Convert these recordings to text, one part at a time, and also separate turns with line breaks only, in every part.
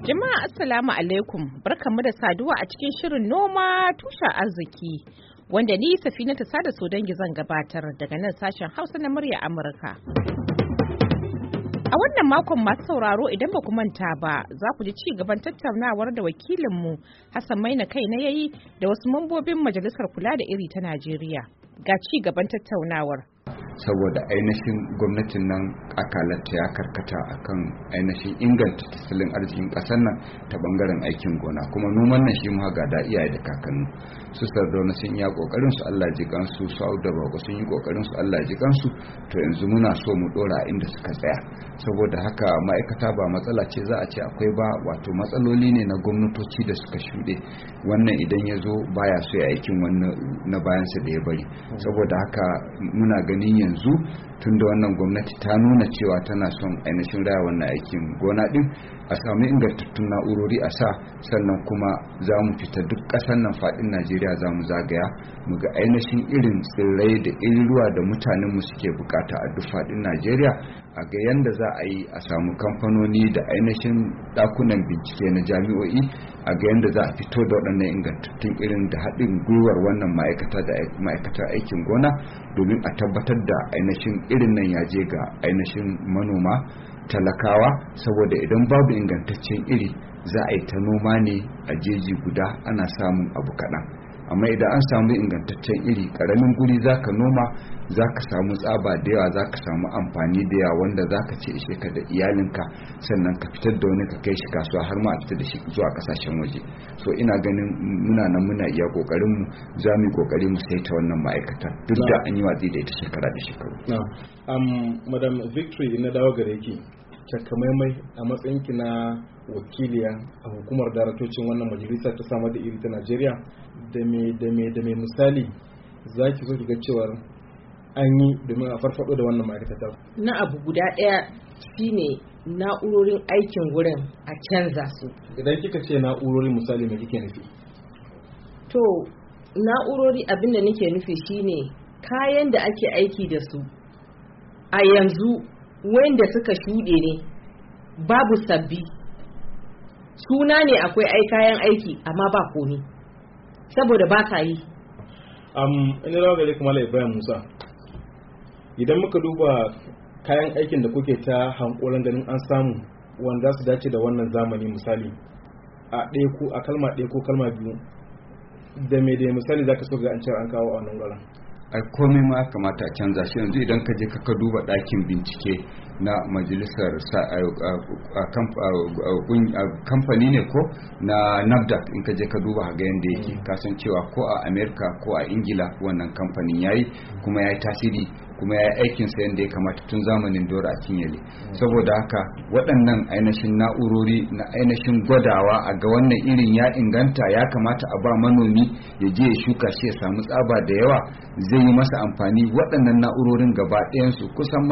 Jama'a Assalamu alaikum barkanmu da saduwa a cikin shirin noma tushen arziki wanda ni safina ta sada so dangi zan gabatar daga nan sashen Hausa na murya Amurka. A wannan makon masu sauraro idan ba ku manta ba za ku ji ci gaban tattaunawar da wakilinmu Hassan Maina kai na yayi da wasu mambobin Majalisar Kula da Iri ta Najeriya. Ga ci gaban tattaunawar
saboda ainihin gwamnatin nan akalata ya karkata a kan ainihin inganta tattalin arzikin ƙasar nan ta bangaren aikin gona kuma noman nan shi ma ga da iyaye da kakanni su sardauna sun yi kokarin su Allah ji kansu su da bako sun yi kokarin su Allah ji kansu to yanzu muna so mu dora inda suka tsaya saboda haka ma'aikata ba matsala ce za a ce akwai ba wato matsaloli ne na gwamnatoci da suka shuɗe wannan idan ya zo baya so ya aikin wannan na bayansa da ya bari saboda haka muna ganin yanzu yanzu tun da wannan gwamnati ta nuna cewa tana son ainihin raya wannan aikin gona din a sami ingantattun na'urori a sa sannan kuma za mu fita duk ƙasar nan faɗin najeriya za mu zagaya mu ga ainihin irin tsirrai da iriruwa da mutanen mu suke bukata a duk faɗin najeriya a ga yanda za a yi a samu kamfanoni da ainihin ɗakunan bincike na jami'o'i a ga yanda za a fito da waɗannan ingantattun irin da haɗin gwiwar wannan ma'aikata aikin gona domin a tabbatar da ainihin irin nan ya je ga ainihin manoma talakawa saboda idan babu ingantaccen iri za a yi ta noma ne a jeji guda ana samun abu kaɗan amma idan an samu ingantaccen iri karamin guri zaka noma zaka samu tsaba da yawa zaka samu amfani da yawa wanda zaka ce ishe ka da iyalinka sannan ka fitar da wani ka kai shi kasuwa har ma a fitar da shi zuwa kasashen waje so ina ganin muna nan muna iya kokarin mu za mu kokari mu ta wannan ma'aikata duk da an yi watsi da ita shekara da shekaru
madam victory na dawo gare ki takamaimai a matsayinki na wakiliya a hukumar daratocin wannan majalisa ta samar da iri ta najeriya da me misali za ki zo ki ga cewa an yi domin a farfado da wannan ma'aikata
na abu guda ɗaya shine na'urorin aikin wurin a canza su
idan kika ce na'urorin misali me kike nufi
to na'urori abin da nake nufi shine kayan da ake aiki da su a yanzu wanda suka shuɗe ne babu sabbi suna ne akwai ai kayan aiki amma ba komi saboda ba ka yi
am ina rawa gare kuma ibrahim musa idan muka duba kayan aikin da kuke ta hankulan ganin an samu wanda su dace da wannan zamani misali a ɗaya ko a kalma ɗaya ko kalma biyu da me da misali zaka so ga an ce an kawo a wannan wurin
ai komai ma kamata a canza shi yanzu idan ka je ka duba ɗakin bincike na majalisar kamfani ne ko na nafdac in ka je ka duba haga yadda yake san cewa ko a amerika ko a ingila wannan kamfanin yayi kuma ya yi tasiri kuma ya yi aikin sa yadda ya kamata tun zamanin dora a yale saboda haka waɗannan ainihin na'urori na ainihin gwadawa a ga wannan irin ya inganta ya kamata a ba manomi ya je ya shuka shi ya samu tsaba da yawa zai yi masa amfani waɗannan na'urorin gaba ɗayansu kusan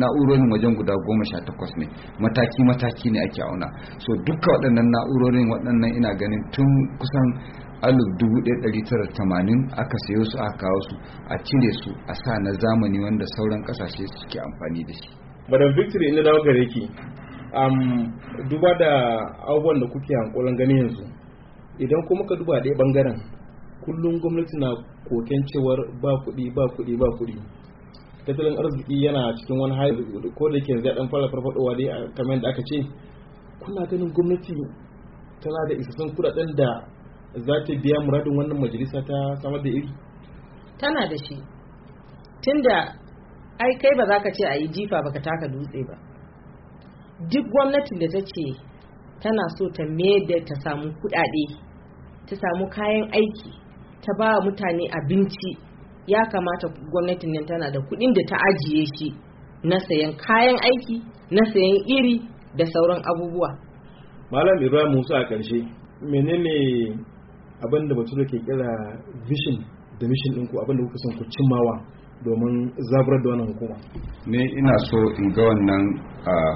na'urorin wajen guda goma sha takwas ne mataki mataki ne ake auna so duka waɗannan na'urorin waɗannan ina ganin tun kusan 1980 aka sayo su aka kawo su a cire su a sa na zamani wanda sauran kasashe suke amfani da shi
madam victory ina dawo gare ki um, duba da abubuwan da kuke hankulan gani yanzu idan kuma ka duba ɗaya bangaren kullum gwamnati na koken cewar ba kuɗi ba kuɗi ba kuɗi tattalin arziki yana cikin wani hali ko da ke zai dan fara farfadowa dai kamar yadda aka ce kuna ganin gwamnati tana da isassun kuɗaɗen da za ta biya muradin wannan majalisa ta samar da iri
tana da shi tunda ai kai ba za ka ce a yi jifa baka taka dutse ba duk gwamnatin da ta ce tana so ta da ta samu kuɗaɗe, ta samu kayan aiki ta ba mutane abinci ya kamata gwamnatin nan tana da kuɗin da ta ajiye shi na sayan kayan aiki na sayan iri da sauran abubuwa
malam ibrahim musa a ƙarshe menene abinda bature ke kira vision da mission ɗinku abinda kuka son ku cimmawa domin zaburar da wannan hukuma
ne ina so in ga wannan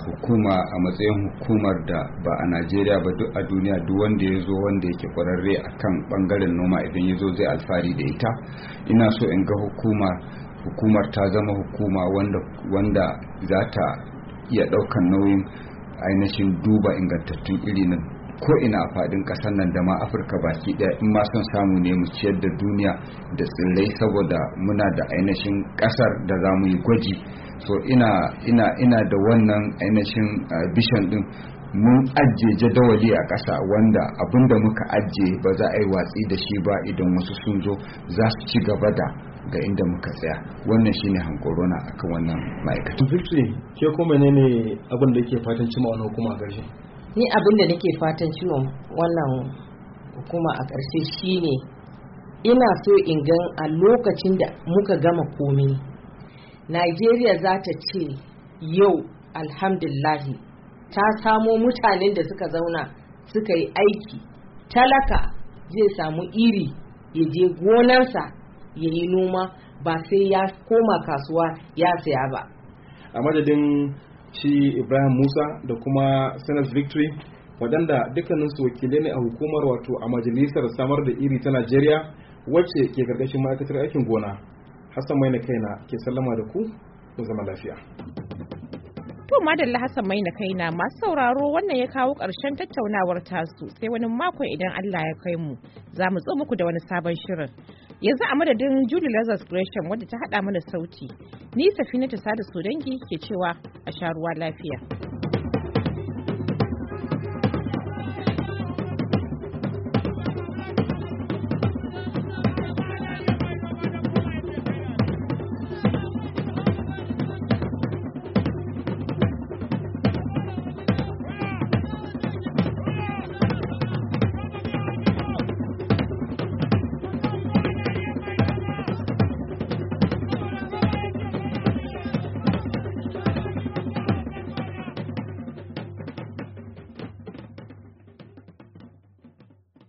hukuma a matsayin hukumar da ba a najeriya ba duk a duniya duk wanda ya zo wanda yake kwararre a kan bangaren noma idan ya zo zai alfari da ita ina so in ga hukuma hukumar ta zama hukuma wanda, wanda za ta iya ɗaukan nauyin ainihin duba ingantattun iri na ko ina a fadin kasar nan da ma afirka baki daya in ma son samu ne mu ciyar da duniya da tsirrai saboda muna da ainihin kasar da za mu yi gwaji so ina da wannan ainihin bishan din mun ajiye jadawali a ƙasa wanda abinda muka ajiye ba za a yi watsi da shi ba idan wasu sun zo za su ci gaba da ga inda muka tsaya wannan shine
hankorona akan wannan ma'aikata. Victory ke kuma ne abin da ke fatan cima wani hukuma a ƙarshe?
ni abin da nake fatan ciwon wannan hukuma a ƙarshe shine ina so in ga a lokacin da muka gama komi najeriya za ta ce yau alhamdulahi ta samo mutanen da suka zauna suka yi aiki talaka zai samu iri ya je gonarsa ya yi noma ba sai ya koma kasuwa ya saya ba
a madadin shi ibrahim musa da kuma senate victory waɗanda dukkaninsu wakilai ne a hukumar wato a majalisar samar da iri ta najeriya wacce ke karkashin ma'aikatar aikin gona hassan maina kaina ke sallama da ku ku zama lafiya
to madalla hassan maina kaina masu sauraro wannan ya kawo ƙarshen tattaunawar tasu sai wani makon idan allah ya kai mu za mu zo muku da wani sabon shirin yanzu a madadin julie lazarus gresham wadda ta hada mana sauti ni safina ta sada dangi ke cewa a sha ruwa lafiya